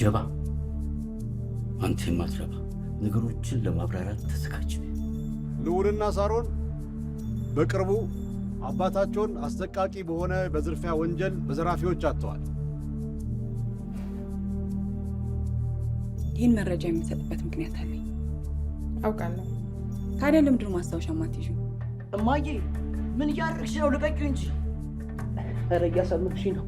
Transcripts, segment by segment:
ጀባ አንተ የማትረባ ነገሮችን ለማብራራት ተዘጋጅ። ልዑልና ሳሮን በቅርቡ አባታቸውን አሰቃቂ በሆነ በዝርፊያ ወንጀል በዘራፊዎች አጥተዋል። ይህን መረጃ የምትሰጥበት ምክንያት አለኝ አውቃለሁ። ታዲያ ለምንድን ማስታወሻ ማትይዙ? እማዬ ምን እያደረግሽ ነው? ልቀቂው እንጂ። ኧረ እያሳመምሽ ነው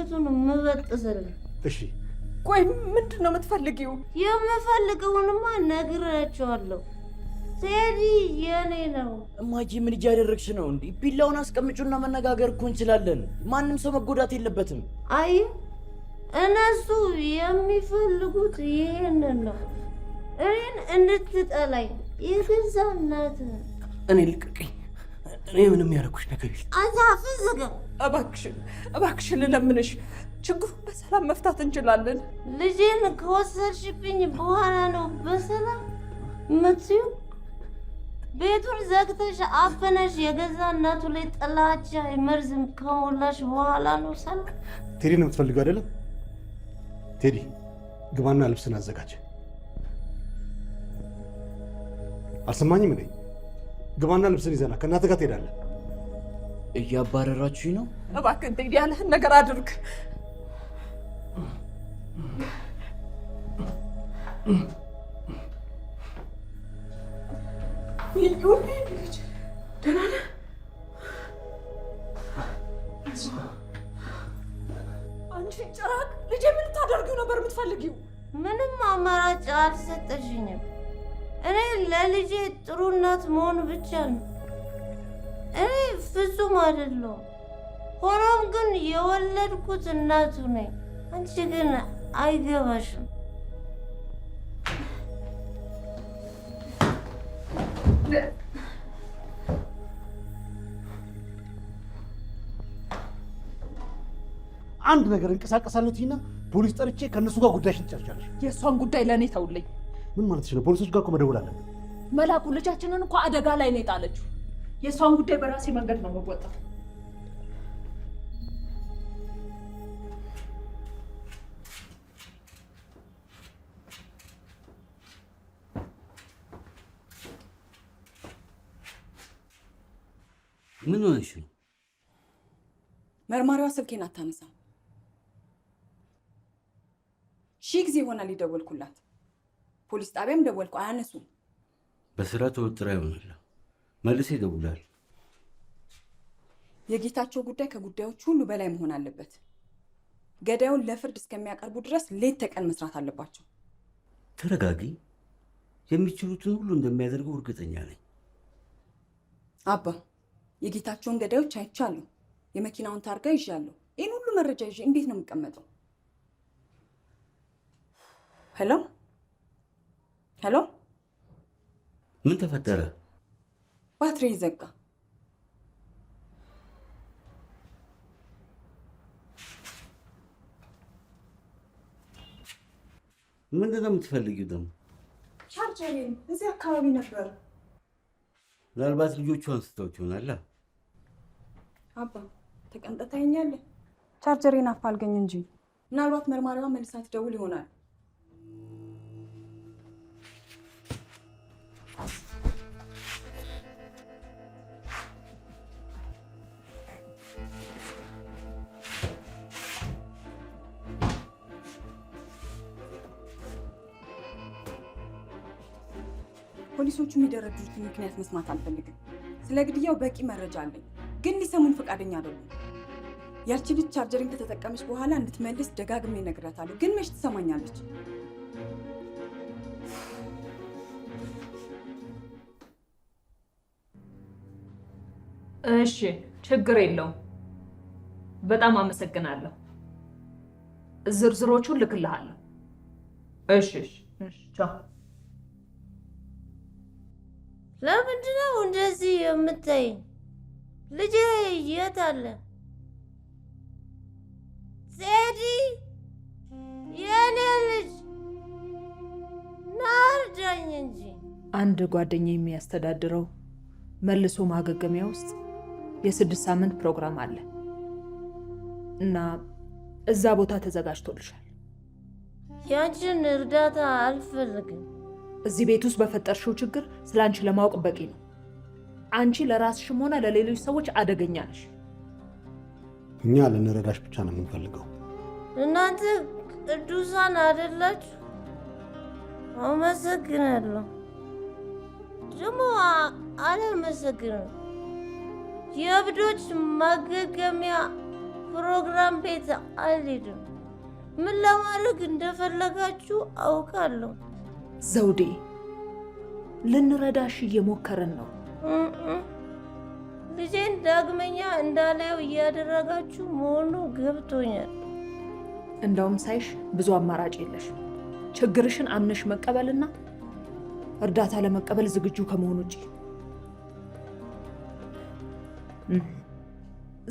ቤቱን ምበጥስል። እሺ ቆይ ምንድን ነው የምትፈልጊው? የምፈልገውንማ ነግራቸዋለሁ። ቴዲ የኔ ነው። እማዬ ምን እያደረግሽ ነው? እንዲህ ቢላውን አስቀምጩና መነጋገር እኮ እንችላለን። ማንም ሰው መጎዳት የለበትም። አይ እነሱ የሚፈልጉት ይሄንን ነው፣ እኔን እንድትጠላኝ የገዛ እናትህ። እኔ ልቅቅኝ እኔ ምንም ያደረኩሽ ነገር የለም። አንተ አፍዝ ግን እባክሽን እባክሽን ልለምንሽ ችግሩን በሰላም መፍታት እንችላለን። ልጄን ከወሰድሽብኝ በኋላ ነው በሰላም መትዩ ቤቱን ዘግተሽ አፈነሽ፣ የገዛ እናቱ ላይ ጥላቻ መርዝም ከሞላሽ በኋላ ነው ሰላም። ቴዲ ነው የምትፈልገው አይደለም? ቴዲ ግባና ልብስን አዘጋጀ። አልሰማኝም ነኝ ግባና ልብስን ይዘና ከእናትህ ጋር ትሄዳለህ። እያባረራችሁኝ ነው። እባክህ እንትን ያለህን ነገር አድርግ። አንቺ ጭራቅ ልጄ ምን ታደርጊው ነበር የምትፈልጊው? ምንም አማራጭ አልሰጠሽኝም። እኔ ለልጄ ጥሩ እናት መሆን ብቻ ነው። እኔ ፍጹም አይደለሁም። ሆኖም ግን የወለድኩት እናቱ ነኝ። አንቺ ግን አይገባሽም። አንድ ነገር እንቀሳቀሳለሁ ትይና ፖሊስ ጠርቼ ከእነሱ ጋር ጉዳይሽን ትጨርሻለሽ። የእሷን ጉዳይ ለእኔ ተውልኝ። ምን ማለትሽ ነው? ፖሊሶች ጋር እኮ መደወል አለብን። መላኩ ልጃችንን እኮ አደጋ ላይ ነው የጣለችው። የእሷን ጉዳይ በራሴ መንገድ ነው መወጣው። ምን ሆነሽ ነው? መርማሪዋ ስልኬን አታነሳም። ሺህ ጊዜ ይሆናል የደወልኩላት። ፖሊስ ጣቢያም ደወልኩ፣ አያነሱም። በስራ ተወጥራ ይሆናል። መልሴ ይደውላል። የጌታቸው ጉዳይ ከጉዳዮች ሁሉ በላይ መሆን አለበት። ገዳዩን ለፍርድ እስከሚያቀርቡ ድረስ ሌት ተቀን መስራት አለባቸው። ተረጋጊ። የሚችሉትን ሁሉ እንደሚያደርገው እርግጠኛ ነኝ። አባ የጌታቸውን ገዳዮች አይቻለሁ። የመኪናውን ታርጋ ይዣለሁ። ይህን ሁሉ መረጃ ይዤ እንዴት ነው የምቀመጠው? ሄሎ ሄሎ፣ ምን ተፈጠረ? ባትሪ ዘጋ። ምንድን ነው የምትፈልጊው ደግሞ? ቻርጀሬን እዚህ አካባቢ ነበር። ምናልባት ልጆቹ አንስተውት ይሆናል። አባ ተቀምጠህ ታየኛለህ። ቻርጀሬን አፋልገኝ እንጂ ምናልባት መርማሪዋ መልሳት ደውል ይሆናል። ፖሊሶቹ የሚደረድሩትን ምክንያት መስማት አልፈልግም። ስለ ግድያው በቂ መረጃ አለኝ፣ ግን ሊሰሙን ፈቃደኛ አይደሉም። ያቺ ልጅ ቻርጀሪን ከተጠቀመች በኋላ እንድትመልስ ደጋግሜ እነግራታለሁ፣ ግን መች ትሰማኛለች? እሺ፣ ችግር የለውም። በጣም አመሰግናለሁ። ዝርዝሮቹን ልክልሃለሁ። እሺ፣ እሺ፣ ቻው ለምንድን ነው እንደዚህ የምታይኝ? ልጄ የት አለ? ዜዲ የኔ ልጅ ና እንጂ። አንድ ጓደኛ የሚያስተዳድረው መልሶ ማገገሚያ ውስጥ የስድስት ሳምንት ፕሮግራም አለ እና እዛ ቦታ ተዘጋጅቶልሻል። ያንቺን እርዳታ አልፈልግም። እዚህ ቤት ውስጥ በፈጠርሽው ችግር ስለ አንቺ ለማወቅ በቂ ነው። አንቺ ለራስሽም ሆነ ለሌሎች ሰዎች አደገኛ ነሽ። እኛ ልንረዳሽ ብቻ ነው የምንፈልገው። እናንተ ቅዱሳን አይደላችሁ? አመሰግናለሁ። ደግሞ አላመሰግንም። የእብዶች ማገገሚያ ፕሮግራም ቤት አልሄድም። ምን ለማድረግ እንደፈለጋችሁ አውቃለሁ። ዘውዴ፣ ልንረዳሽ እየሞከረን ነው። ልጄን ዳግመኛ እንዳላየው እያደረጋችሁ መሆኑ ገብቶኛል። እንደውም ሳይሽ ብዙ አማራጭ የለሽ። ችግርሽን አምነሽ መቀበልና እርዳታ ለመቀበል ዝግጁ ከመሆን ውጭ።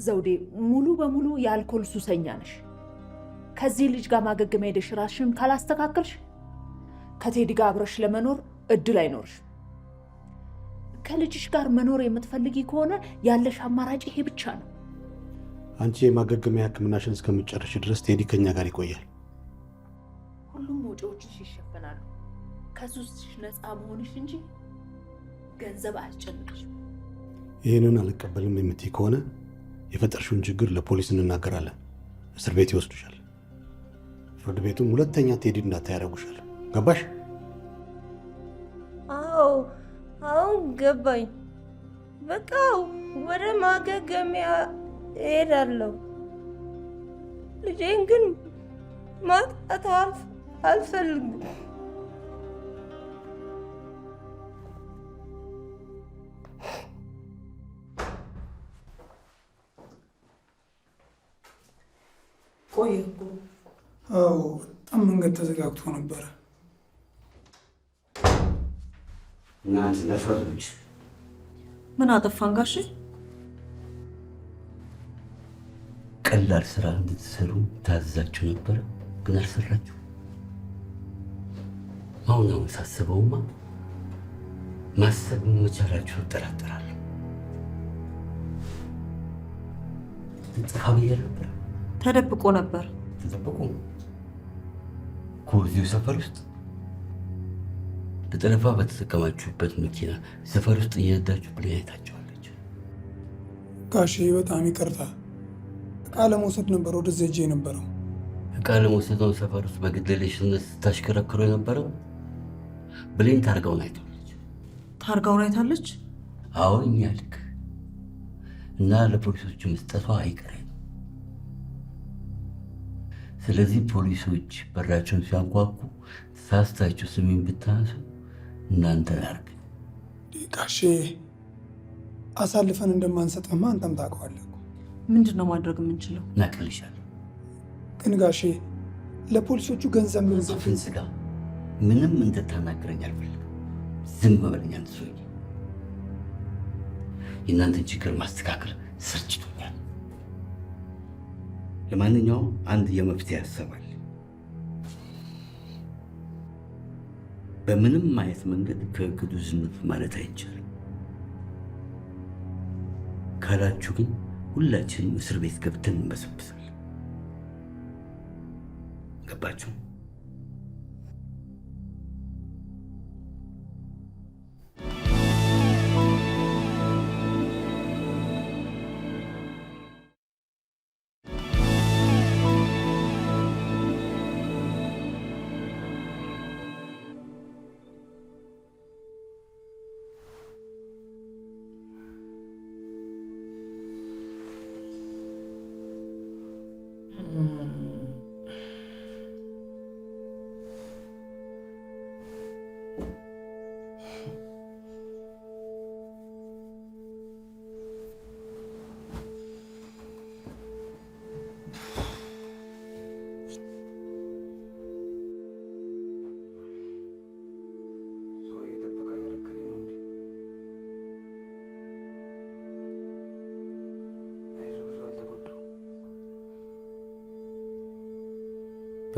ዘውዴ ሙሉ በሙሉ የአልኮል ሱሰኛ ነሽ። ከዚህ ልጅ ጋር ማገገም ሄደሽ ራስሽን ካላስተካከልሽ ከቴዲ ጋር አብረሽ ለመኖር እድል አይኖርሽ። ከልጅሽ ጋር መኖር የምትፈልጊ ከሆነ ያለሽ አማራጭ ይሄ ብቻ ነው። አንቺ የማገገሚያ ሕክምናሽን እስከምጨርሽ ድረስ ቴዲ ከኛ ጋር ይቆያል። ሁሉም ወጪዎችሽ ይሸፈናሉ። ከሱስሽ ነፃ መሆንሽ እንጂ ገንዘብ አያስጨንቅሽ። ይህንን አልቀበልም የምትይ ከሆነ የፈጠርሽውን ችግር ለፖሊስ እንናገራለን። እስር ቤት ይወስዱሻል። ፍርድ ቤቱም ሁለተኛ ቴዲ እንዳታይ ያደርጉሻል። ገባሽ? አዎ አሁን ገባኝ። በቃ ወደ ማገገሚያ እሄዳለሁ። ልጄን ግን ማጣት አልፈልግም። ቆየ አዎ፣ በጣም መንገድ ተዘጋግቶ ነበረ። እናንተ ለፈረዱች ምን አጠፋን ጋሽ? ቀላል ስራ እንድትሰሩ ታዛችሁ ነበር ግን አልሰራችሁ። አሁን አሁን ሳስበውማ ማሰብ መቻላችሁ እጠራጠራለሁ። ጥፋ ብዬ ነበር። ተደብቆ ነበር። ተደብቆ እኮ ሰፈር ውስጥ ለጠለፋ በተጠቀማችሁበት መኪና ሰፈር ውስጥ እየነዳችሁ ብለን አይታቸዋለች። ጋሼ በጣም ይቅርታ፣ እቃ ለመውሰድ ነበር ወደዚያ ሄጄ የነበረው። እቃ ለመውሰድ ነው ሰፈር ውስጥ በግድለሽነት ስታሽከረክሩ የነበረው? ብሌን ታርጋውን አይታለች። ታርጋውን አይታለች? አዎ፣ እኛ ልክ እና ለፖሊሶች መስጠቷ አይቀሬ ነው። ስለዚህ ፖሊሶች በራቸውን ሲያንኳኩ ሳስታችሁ ስሜን ብታነሱ እናንተ ያርግ። ጋሼ አሳልፈን እንደማንሰጠ አንተም ታውቀዋለህ። ምንድን ነው ማድረግ የምንችለው? እናቅልሻለን። ግን ጋሼ ለፖሊሶቹ ገንዘብ ምንጽፍን ስጋ ምንም እንድታናግረኝ አልፈልግም። ዝም በለኛ። ንሶኝ የእናንተን ችግር ማስተካከል ሰልችቶኛል። ለማንኛውም አንድ የመፍትሄ ያሰባል በምንም አይነት መንገድ ከእቅዱ ዝንፍ ማለት አይቻልም። ካላችሁ ግን ሁላችንም እስር ቤት ገብተን እንበሰብሳለን። ገባችሁ?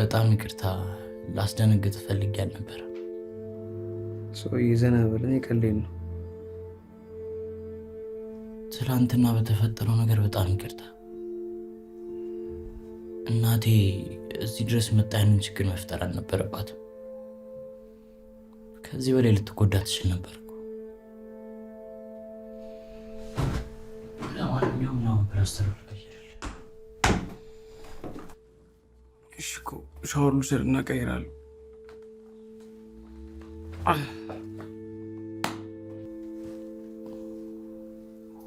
በጣም ይቅርታ ላስደነግጥ ፈልጌ አልነበረ። ሰውዬ ዘና ብለን የቀሌን ነው። ትላንትና በተፈጠረው ነገር በጣም ይቅርታ። እናቴ እዚህ ድረስ መጣ ያንን ችግር መፍጠር አልነበረባትም። ከዚህ በላይ ልትጎዳ ትችል ነበር። ለማንኛውም ፕላስተር እሺ እኮ ሻወር ልውሰድ እና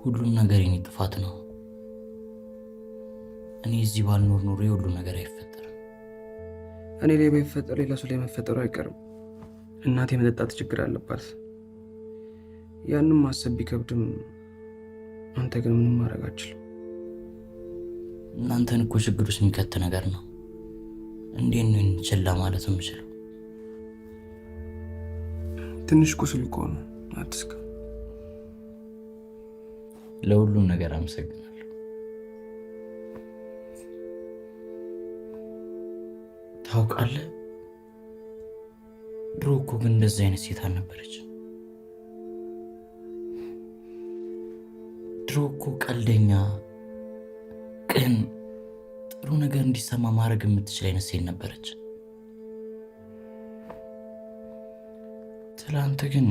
ሁሉም ነገር የኔ ጥፋት ነው። እኔ እዚህ ባልኖር ኖሮ የሁሉ ነገር አይፈጠርም። እኔ ላይ ባይፈጠር ሌላ ሰው ላይ መፈጠሩ አይቀርም። እናቴ የመጠጣት ችግር አለባት። ያንም ማሰብ ቢከብድም አንተ ግን ምንም ማድረግ አችልም። እናንተን እኮ ችግር ውስጥ የሚከት ነገር ነው። እንዴት ነው ችላ ማለት የምችለው? ትንሽ ቁስል እኮ ነው። አትስከ ለሁሉም ነገር አመሰግናለሁ። ታውቃለህ፣ ድሮ እኮ ግን እንደዚህ አይነት ሴት አልነበረች። ድሮ እኮ ቀልደኛ፣ ቅን ጥሩ ነገር እንዲሰማ ማድረግ የምትችል አይነት ሴት ነበረች። ትላንት ግን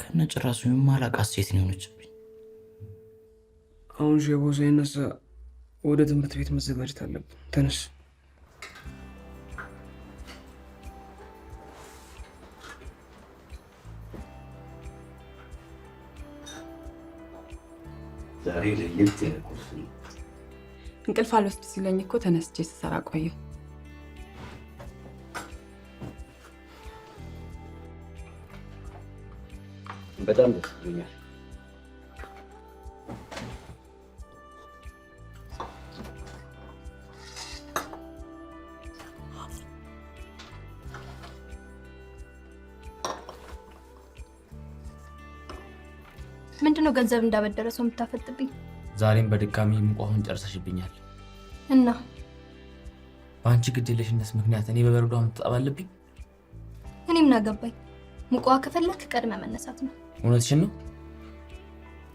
ከነጭራሱ የማላቃት ሴት ነው የሆነችብኝ። አሁን ሼቦ ሳይነሳ ወደ ትምህርት ቤት መዘጋጀት አለብን። ተነስ። ዛሬ ለየት ያለ ቁርስ ነው እንቅልፍ አልወስድ ሲለኝ እኮ ተነስቼ ስሰራ ቆየ። በጣም ደስ ይለኛል። ምንድነው ገንዘብ እንዳበደረ ሰው የምታፈጥብኝ? ዛሬም በድጋሚ ሙቋሁን ጨርሰሽብኛል እና በአንቺ ግዴለሽነት ምክንያት እኔ በበረዶ መጣብ እኔም እኔ ምን አገባኝ? ሙቋ ከፈለክ ቀድመ መነሳት ነው። እውነትሽን ነው።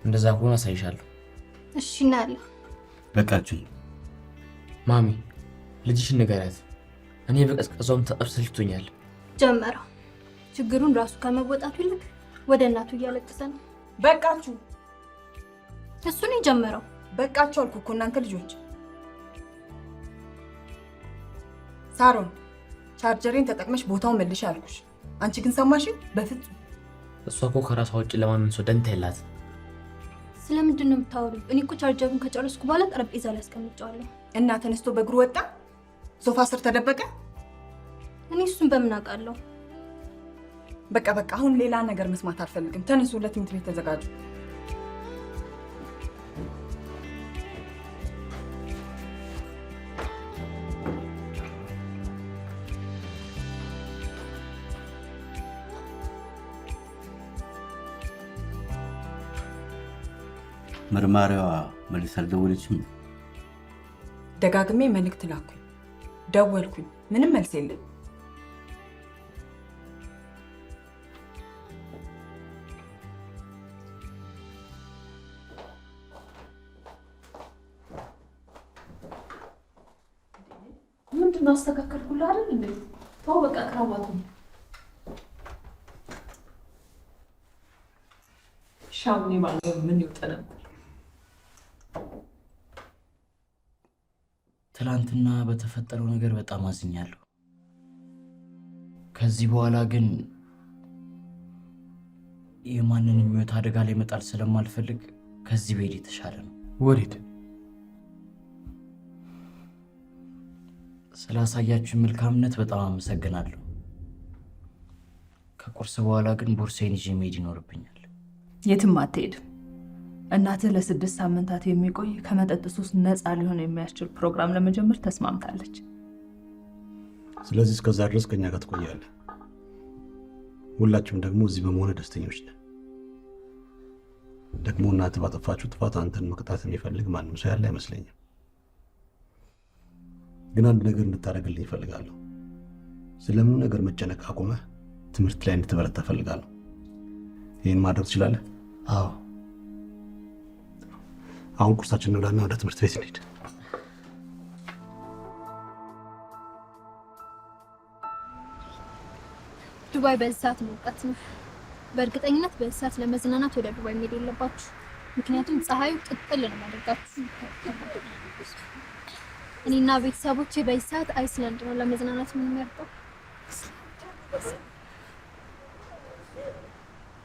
እንደዛ ከሆነ አሳይሻለሁ። እሺ እናያለን። በቃችሁ። ማሚ ልጅሽን ንገሪያት። እኔ በቀዝቀዛውም መታጠብ ሰልችቶኛል። ጀመረው ችግሩን ራሱ ከመወጣቱ ይልቅ ወደ እናቱ እያለቀሰ ነው። በቃችሁ። እሱን የጀመረው በቃቸው አልኩ እኮ እናንተ ልጆች። ሳሮን ቻርጀሬን ተጠቅመሽ ቦታው መልሽ አልኩሽ። አንቺ ግን ሰማሽ በፍጹም እሷ እኮ ከራሷ ውጭ ለማንም ሰው ደንታ የላት። ስለምንድን ነው የምታወሪው? እኔ እኮ ቻርጀሩን ከጨረስኩ በኋላ ጠረጴዛ ላይ አስቀምጫዋለሁ። እና ተነስቶ በእግሩ ወጣ፣ ሶፋ ስር ተደበቀ። እኔ እሱን በምን አውቃለሁ? በቃ በቃ፣ አሁን ሌላ ነገር መስማት አልፈልግም። ተነሱ፣ ለትምህርት ቤት ተዘጋጁ። መርማሪዋ መልስ አልደወለችም። ደጋግሜ መልእክት ላኩኝ፣ ደወልኩኝ፣ ምንም መልስ የለም። ምንድን ነው አስተካከልኩልህ አይደል እንዴ? ተው በቃ ክራባቱ ሻምኔ ማለት ምን ይውጠ ነበር ትላንትና በተፈጠረው ነገር በጣም አዝኛለሁ። ከዚህ በኋላ ግን የማንንም ሕይወት አደጋ ላይ መጣል ስለማልፈልግ ከዚህ ቤድ የተሻለ ነው። ወዴት? ስላሳያችሁ መልካምነት በጣም አመሰግናለሁ። ከቁርስ በኋላ ግን ቦርሳዬን ይዤ መሄድ ይኖርብኛል። የትም አትሄድም። እናትህ ለስድስት ሳምንታት የሚቆይ ከመጠጥ ሱስ ነፃ ሊሆን የሚያስችል ፕሮግራም ለመጀመር ተስማምታለች። ስለዚህ እስከዛ ድረስ ከኛ ጋር ትቆያለህ። ሁላችሁም ደግሞ እዚህ በመሆነ ደስተኞች ነን። ደግሞ እናትህ ባጠፋችሁ ጥፋት አንተን መቅጣት የሚፈልግ ማንም ሰው ያለ አይመስለኝም። ግን አንድ ነገር እንድታደርግልኝ እፈልጋለሁ። ስለምንም ነገር መጨነቅ አቁመህ ትምህርት ላይ እንድትበረታ እፈልጋለሁ። ይህን ማድረግ ትችላለህ? አዎ አሁን ቁርሳችን እንብላና ወደ ትምህርት ቤት እንሄድ። ዱባይ በዚህ ሰዓት ሙቀት ነው። በእርግጠኝነት በዚህ ሰዓት ለመዝናናት ወደ ዱባይ መሄድ የለባችሁ፣ ምክንያቱም ፀሐዩ ቅጥል ነው ማደርጋችሁ። እኔና ቤተሰቦቼ በዚህ ሰዓት አይስላንድ ነው ለመዝናናት የምንመርጠው።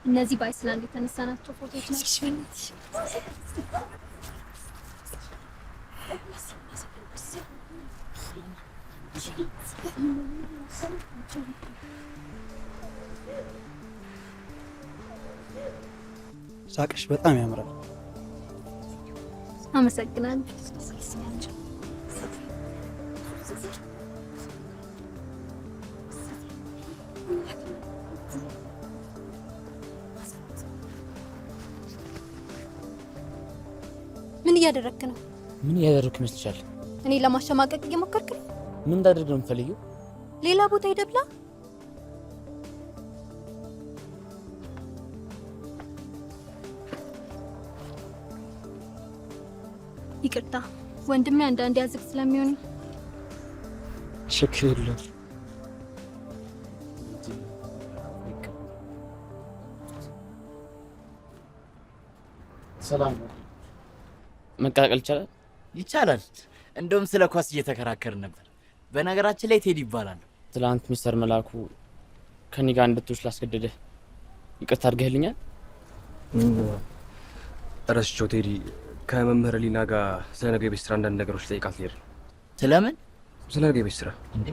እነዚህ በአይስላንድ የተነሳናቸው ፎቶች ናቸው። ሳቅሽ በጣም ያምራል። አመሰግናለሁ። ምን እያደረግክ ነው? ምን እያደረግክ ይመስልሻል? እኔ ለማሸማቀቅ እየሞከርክ ነው። ምን እንዳደርግ ነው የምፈልጊው? ሌላ ቦታ ይደብላ ይቅርታ ወንድም አንዳንድ ያዝግ ስለሚሆን ችግር የለም። ሰላም መቀላቀል ይቻላል። ይቻላል። እንደውም ስለ ኳስ እየተከራከር ነበር። በነገራችን ላይ ቴዲ ይባላል። ትላንት ሚስተር መላኩ ከኔ ጋር እንድትውል ስላስገደደ ይቅርታ አድርገህልኛል። ረስቸው ቴዲ፣ ከመምህር ሊና ጋር ስለ ነገ የቤት ስራ አንዳንድ ነገሮች ጠይቃት ልሄድ። ስለምን? ስለ ነገ የቤት ስራ። እንዴ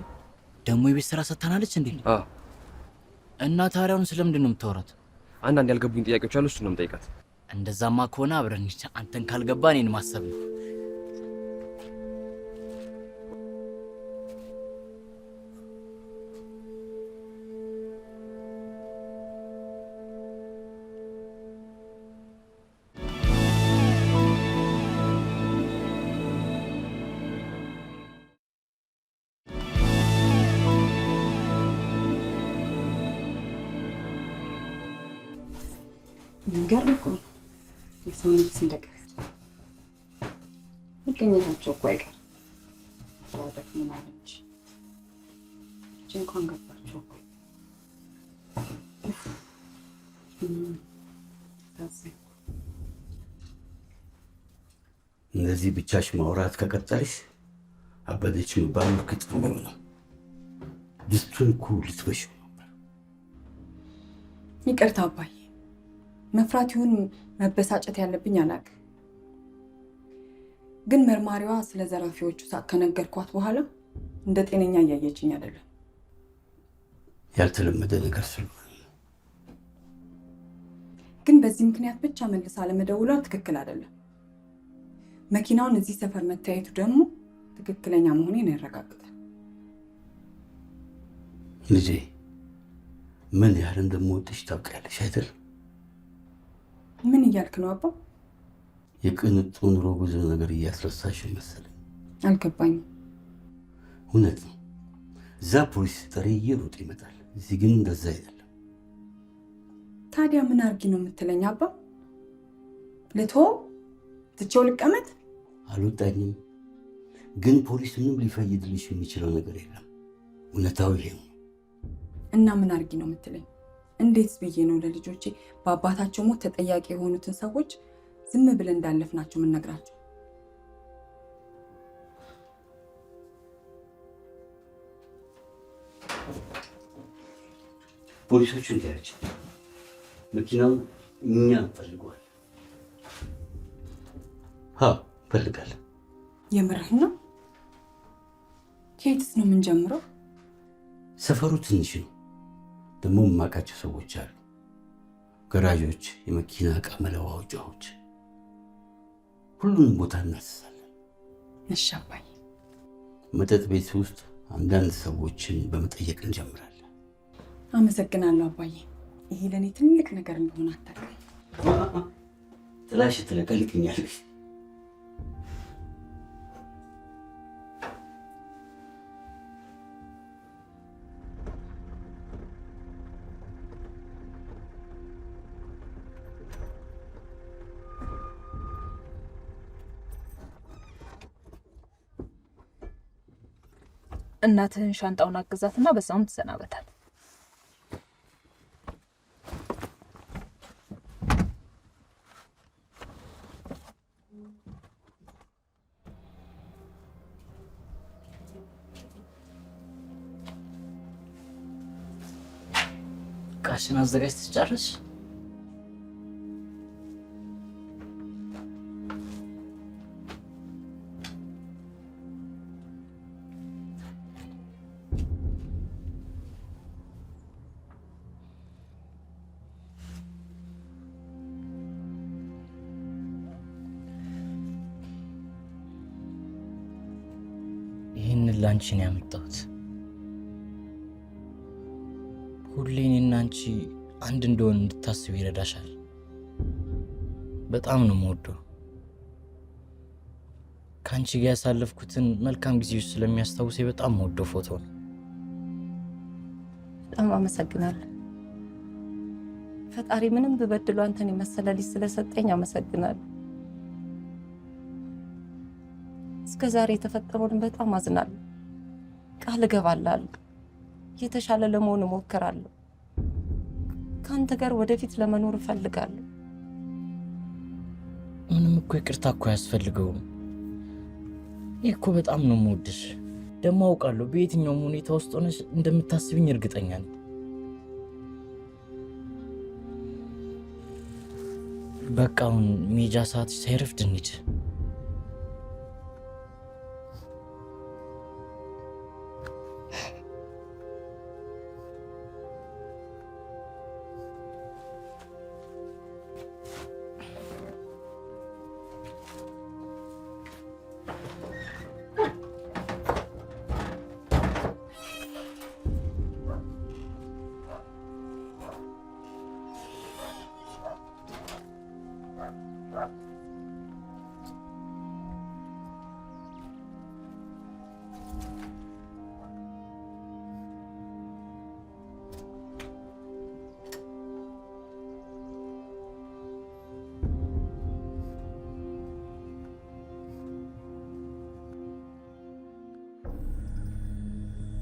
ደግሞ የቤት ስራ ሰጥታናለች እንዴ? እና ታሪያውን ስለምንድን ነው የምታወራት? አንዳንድ ያልገቡኝ ጥያቄዎች አሉ፣ እሱ ነው የምጠይቃት። እንደዛማ ከሆነ አብረን አንተን ካልገባ እኔን ማሰብ ነው የሚገርም እኮ ነው። የሰው ልጅ ስንደቀስ መገኘታቸው እኮ አይቀር ጠቅሙናለች። እች እንኳን ገባቸው እኮ እንደዚህ ብቻሽ ማውራት ከቀጠልሽ አበደች የሚባል ምልክት ነው። ድስቱን እኮ ነበር። ይቅርታ አባዬ መፍራት ይሁን መበሳጨት ያለብኝ አላቅ። ግን መርማሪዋ ስለ ዘራፊዎቹ ከነገርኳት በኋላ እንደ ጤነኛ እያየችኝ አይደለም። ያልተለመደ ነገር ስለሆነ ግን በዚህ ምክንያት ብቻ መልሳ አለመደውሏ ትክክል አይደለም። መኪናውን እዚህ ሰፈር መታየቱ ደግሞ ትክክለኛ መሆኔን ያረጋግጣል። ልጄ ምን ያህል እንደምወድሽ ታውቂያለሽ አይደል? ምን እያልክ ነው አባ? የቅንጡ ኑሮ ብዙ ነገር እያስረሳሽ መሰለኝ። አልገባኝም። እውነት ነው፣ እዛ ፖሊስ ጠሪ እየሮጠ ይመጣል። እዚህ ግን እንደዛ አይደለም። ታዲያ ምን አርጊ ነው የምትለኝ አባ? ልቶ ትቼው ልቀመጥ? አልወጣኝም፣ ግን ፖሊስ ምንም ሊፈይድልሽ የሚችለው ነገር የለም። እውነታው ይሄ ነው። እና ምን አርጊ ነው የምትለኝ? እንዴት ብዬ ነው ለልጆቼ በአባታቸው ሞት ተጠያቂ የሆኑትን ሰዎች ዝም ብለን እንዳለፍናቸው የምነግራቸው። ፖሊሶቹ እንዲያች መኪናው እኛ እንፈልገዋል ፈልጋል። የምርህ ነው? ከየትስ ነው የምንጀምረው? ሰፈሩ ትንሽ ነው። ደግሞ የማውቃቸው ሰዎች አሉ። ገራዦች፣ የመኪና ዕቃ መለዋወጫዎች፣ ሁሉንም ቦታ እናስሳለን። እሺ መጠጥ ቤት ውስጥ አንዳንድ ሰዎችን በመጠየቅ እንጀምራለን። አመሰግናለሁ አባዬ። ይሄ ለእኔ ትልቅ ነገር እንደሆነ አታውቅም። ጥላሽ ትለቀልቅኛለሽ እናትህን ሻንጣውን አግዛትና በዛውም ትሰናበታል። ቃሽን አዘጋጅ ትጨርሽ ላንቺ ነው ያመጣሁት። ሁሌ እኔና አንቺ አንድ እንደሆን እንድታስብ ይረዳሻል። በጣም ነው የምወደው። ከአንቺ ጋር ያሳለፍኩትን መልካም ውስጥ ስለሚያስታውሴ በጣም የምወደው ፎቶ ነው። በጣም አመሰግናለሁ። ፈጣሪ ምንም ብበድሎ አንተን የመሰለ ልጅ ስለሰጠኝ አመሰግናለሁ። እስከ ዛሬ የተፈጠረውን በጣም አዝናለሁ። ቃል እገባላለሁ። የተሻለ ለመሆን እሞክራለሁ። ከአንተ ጋር ወደፊት ለመኖር እፈልጋለሁ። ምንም እኮ ይቅርታ እኮ አያስፈልገውም። ይህ እኮ በጣም ነው የምወድሽ። ደግሞ አውቃለሁ በየትኛውም ሁኔታ ውስጥ ሆነሽ እንደምታስብኝ እርግጠኛ ነኝ። በቃ አሁን ሜጃ ሰዓት ሳይረፍድ እንሂድ።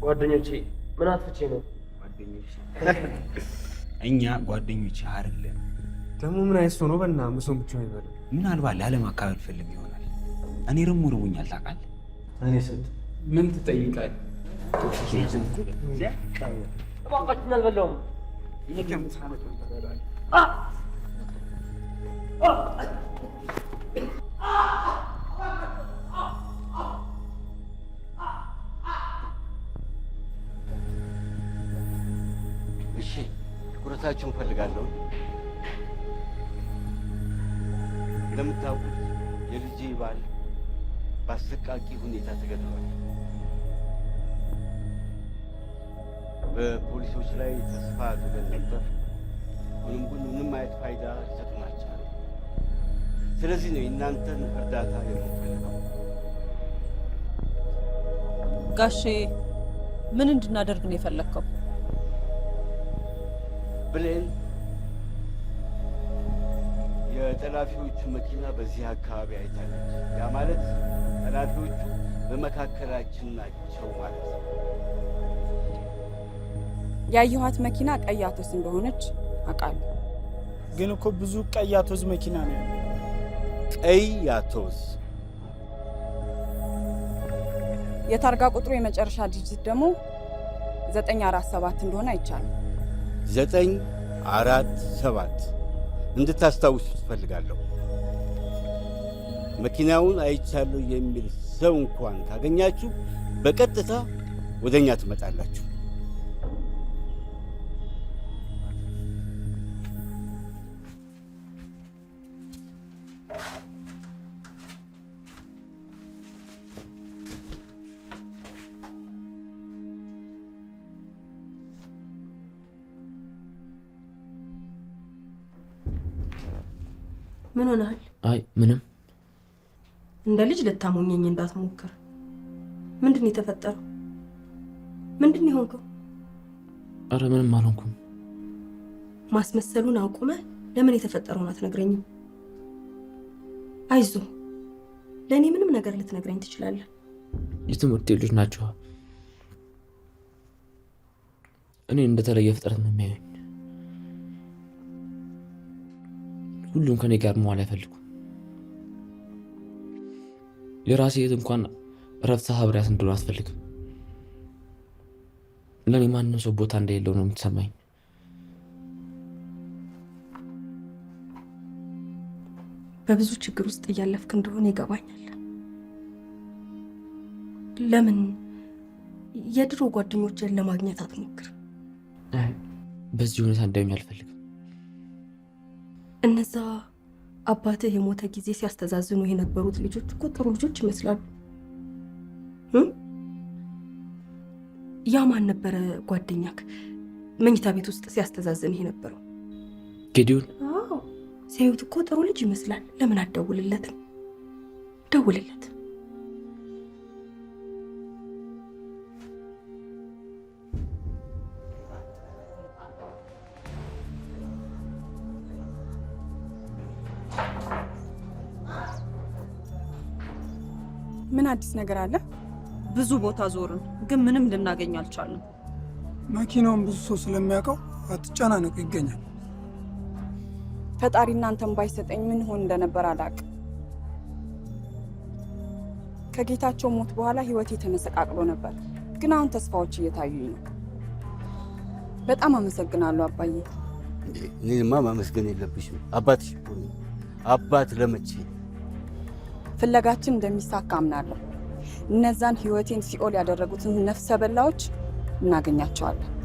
ጓደኞቼ ምን አጥፍቼ ነው? እኛ ጓደኞች አይደለም። ደግሞ ምን አይሶ ነው? በና ምሶን ብቻ ይበል። ምናልባት ለዓለም አካባቢ ፈልግ ይሆናል። እኔ ደግሞ ርቦኛል ታውቃለህ። እኔ ስንት ምን ትጠይቃለህ? እባካችሁን አልበላሁም። ይሄ ከምሳመት ሀገራችን ላይ ተስፋ አድርገን ነበር። ምንም ሁሉ ምንም አይነት ፋይዳ ሊሰጡን ስለዚህ ነው እናንተን እርዳታ የምንፈልገው። ጋሼ ምን እንድናደርግ ነው የፈለግከው? ብሌን የጠላፊዎቹ መኪና በዚህ አካባቢ አይታለች። ያ ማለት ጠላፊዎቹ በመካከላችን ናቸው ማለት ነው። ያየኋት መኪና ቀይ አቶስ እንደሆነች አውቃለሁ። ግን እኮ ብዙ ቀይ አውቶብስ መኪና ነው። ቀይ አውቶብስ የታርጋ ቁጥሩ የመጨረሻ ድርጅት ደግሞ ዘጠኝ አራት ሰባት እንደሆነ አይቻልም። ዘጠኝ አራት ሰባት እንድታስታውሱ ትፈልጋለሁ። መኪናውን አይቻለሁ የሚል ሰው እንኳን ካገኛችሁ በቀጥታ ወደ እኛ ትመጣላችሁ። ልጅ ልታሞኘኝ እንዳትሞክር። ምንድን ነው የተፈጠረው? ምንድን ነው የሆንከው? አረ ምንም አልሆንኩም። ማስመሰሉን አቁመህ ለምን የተፈጠረውን አትነግረኝም? አይዞ? ለእኔ ምንም ነገር ልትነግረኝ ትችላለህ። የትምህርት ልጅ ናቸው? እኔ እንደተለየ ፍጥረት ነው የሚያዩኝ። ሁሉም ከኔ ጋር መዋል አይፈልጉም። የራሴ እህት እንኳን ረብሳ ሀብሪያት እንድሆን አትፈልግም። ለእኔ ማንም ሰው ቦታ እንደሌለው ነው የምትሰማኝ። በብዙ ችግር ውስጥ እያለፍክ እንደሆነ ይገባኛል። ለምን የድሮ ጓደኞችን ለማግኘት አትሞክር? በዚህ ሁኔታ እንዳዩኝ አልፈልግም። እነዛ አባትህ የሞተ ጊዜ ሲያስተዛዝኑ የነበሩት ልጆች እኮ ጥሩ ልጆች ይመስላሉ። ያ ማን ነበረ ጓደኛክ መኝታ ቤት ውስጥ ይሄ ነበረው? ጌዲዮን። ሲያዩት እኮ ጥሩ ልጅ ይመስላል። ለምን አደውልለትም? ደውልለት። ምን አዲስ ነገር አለ? ብዙ ቦታ ዞርን፣ ግን ምንም ልናገኝ አልቻልንም። መኪናውን ብዙ ሰው ስለሚያውቀው አትጨናነቁ፣ ይገኛል። ፈጣሪ እናንተን ባይሰጠኝ ምን ሆን እንደነበር አላውቅም። ከጌታቸው ሞት በኋላ ህይወቴ ተመሰቃቅሎ ነበር፣ ግን አሁን ተስፋዎች እየታዩኝ ነው። በጣም አመሰግናለሁ አባዬ። እኔማ ማመስገን የለብሽም አባትሽ አባት ለመቼ ፍለጋችን እንደሚሳካ አምናለሁ። እነዛን ህይወቴን ሲኦል ያደረጉትን ነፍሰ በላዎች እናገኛቸዋለን።